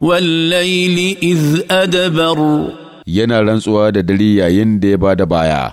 wallaili iz adabaru. yana rantsuwa da dare yayin da ya bada baya